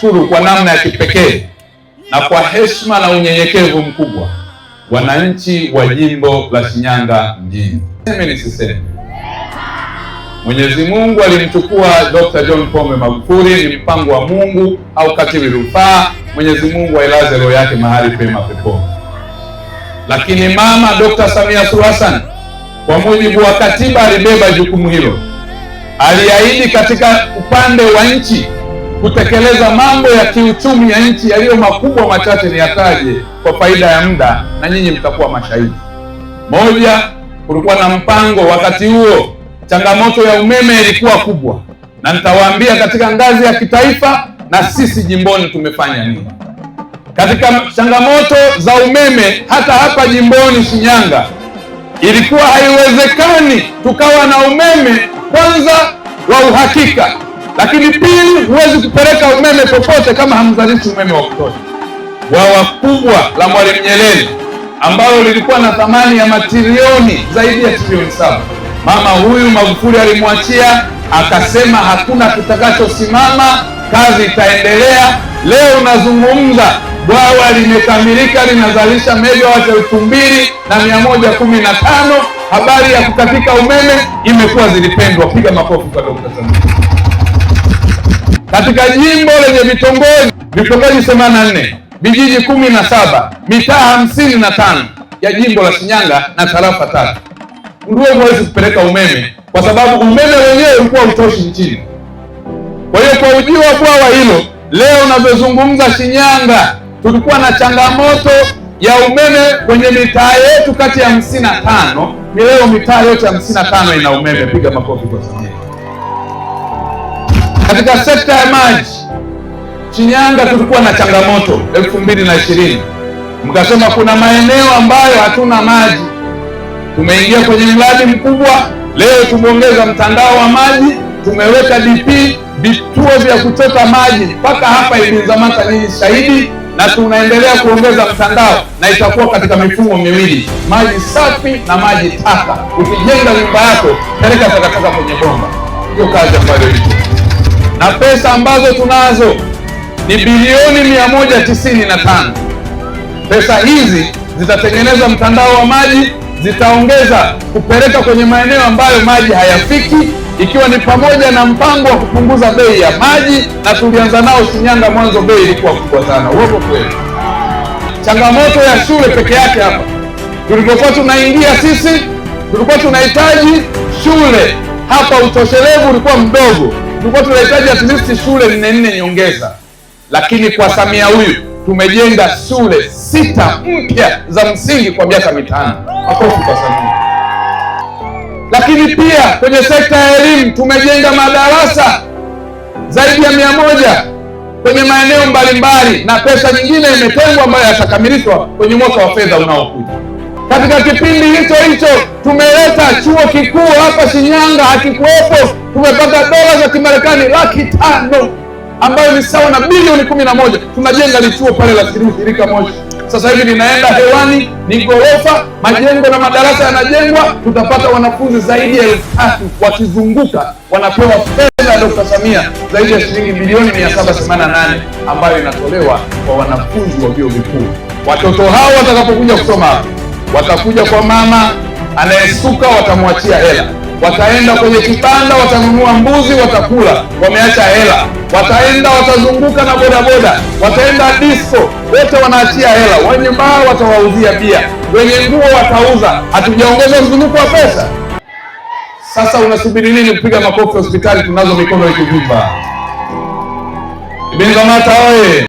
kuwashukuru kwa namna ya kipekee na kwa heshima na unyenyekevu mkubwa, wananchi wa jimbo la Shinyanga mjini. Seme nisiseme, Mwenyezi Mungu alimchukua Dr. John Pombe Magufuli, ni mpango wa Mungu au katibu rufaa. Mwenyezi Mungu ailaze roho yake mahali pema peponi. Lakini mama Dr. Samia Suluhu Hassan kwa mujibu wa katiba alibeba jukumu hilo, aliahidi katika upande wa nchi kutekeleza mambo ya kiuchumi ya nchi yaliyo makubwa machache niyataje kwa faida ya muda, na nyinyi mtakuwa mashahidi. Moja, kulikuwa na mpango wakati huo, changamoto ya umeme ilikuwa kubwa, na nitawaambia katika ngazi ya kitaifa na sisi jimboni tumefanya nini katika changamoto za umeme. Hata hapa jimboni Shinyanga ilikuwa haiwezekani tukawa na umeme kwanza wa uhakika lakini pili, huwezi kupeleka umeme popote kama hamzalishi umeme wa kutosha. Bwawa kubwa la Mwalimu Nyerere ambalo lilikuwa na thamani ya matrilioni zaidi ya trilioni saba, mama huyu Magufuli alimwachia akasema, hakuna kitakachosimama, kazi itaendelea. Leo unazungumza bwawa limekamilika linazalisha megawati elfu mbili na mia moja kumi na tano. Habari ya kukatika umeme imekuwa zilipendwa. Piga makofi kwa Dokta Samia katika jimbo lenye vitongoji vitongoji 84 vijiji 17 mitaa 55 ya jimbo la Shinyanga na tarafa tatu, ndio huwezi kupeleka umeme kwa sababu umeme wenyewe ulikuwa utoshi nchini. Kwa hiyo kwa ujio wa bwawa hilo, leo unavyozungumza, Shinyanga tulikuwa na changamoto ya umeme kwenye mitaa yetu kati ya 55 ni leo mitaa yote 55 ina umeme. Piga makofi kwa Shinyanga. Katika sekta ya maji Shinyanga tulikuwa na changamoto elfu mbili na ishirini mkasema kuna maeneo ambayo hatuna maji. Tumeingia kwenye mradi mkubwa leo, tumeongeza mtandao wa maji, tumeweka DP vituo vya kuchota maji mpaka hapa Ibinzamata, nyinyi shahidi, na tunaendelea kuongeza mtandao na itakuwa katika mifumo miwili, maji safi na maji taka. Ukijenga nyumba yako, peleka takataka kwenye bomba. Hiyo kazi ambayo ilikuwa na pesa ambazo tunazo ni bilioni 195. Pesa hizi zitatengeneza mtandao wa maji, zitaongeza kupeleka kwenye maeneo ambayo maji hayafiki, ikiwa ni pamoja na mpango wa kupunguza bei ya maji, na tulianza nao Shinyanga mwanzo, bei ilikuwa kubwa sana, uongo kweli? Changamoto ya shule peke yake hapa tulivyokuwa tunaingia sisi, tulikuwa tunahitaji shule hapa, utoshelevu ulikuwa mdogo tulikuwa tunahitaji at least shule nne nne nyongeza, lakini kwa Samia huyu tumejenga shule sita mpya za msingi kwa miaka mitano. Makofi kwa Samia. Lakini pia kwenye sekta ya elimu tumejenga madarasa zaidi ya mia moja kwenye maeneo mbalimbali, na pesa nyingine imetengwa ambayo yatakamilishwa kwenye mwaka wa fedha unaokuja. Katika kipindi hicho hicho tumeleta chuo kikuu hapa Shinyanga, hakikuwepo tumepata dola za Kimarekani laki tano ambayo ni sawa na bilioni kumi na moja. Tunajenga lichuo pale la Sirika moja sasa hivi linaenda hewani, ni ghorofa, majengo na madarasa yanajengwa. Tutapata wanafunzi zaidi ya elfu tatu wakizunguka, wanapewa fedha ya Dokta Samia zaidi ya shilingi bilioni 788 ambayo inatolewa kwa wanafunzi wa vyuo vikuu. Watoto hao watakapokuja kusoma hapa watakuja kwa mama anayesuka, watamwachia hela Wataenda kwenye kibanda, watanunua mbuzi, watakula, wameacha hela. Wataenda watazunguka na bodaboda, wataenda disco, wote wanaachia hela. Wenye mbao watawauzia pia wenye nguo watauza. Hatujaongeza mzunguko wa pesa. Sasa unasubiri nini? Kupiga makofi hospitali, tunazo mikono ikivimba. Ibn Zamata oye!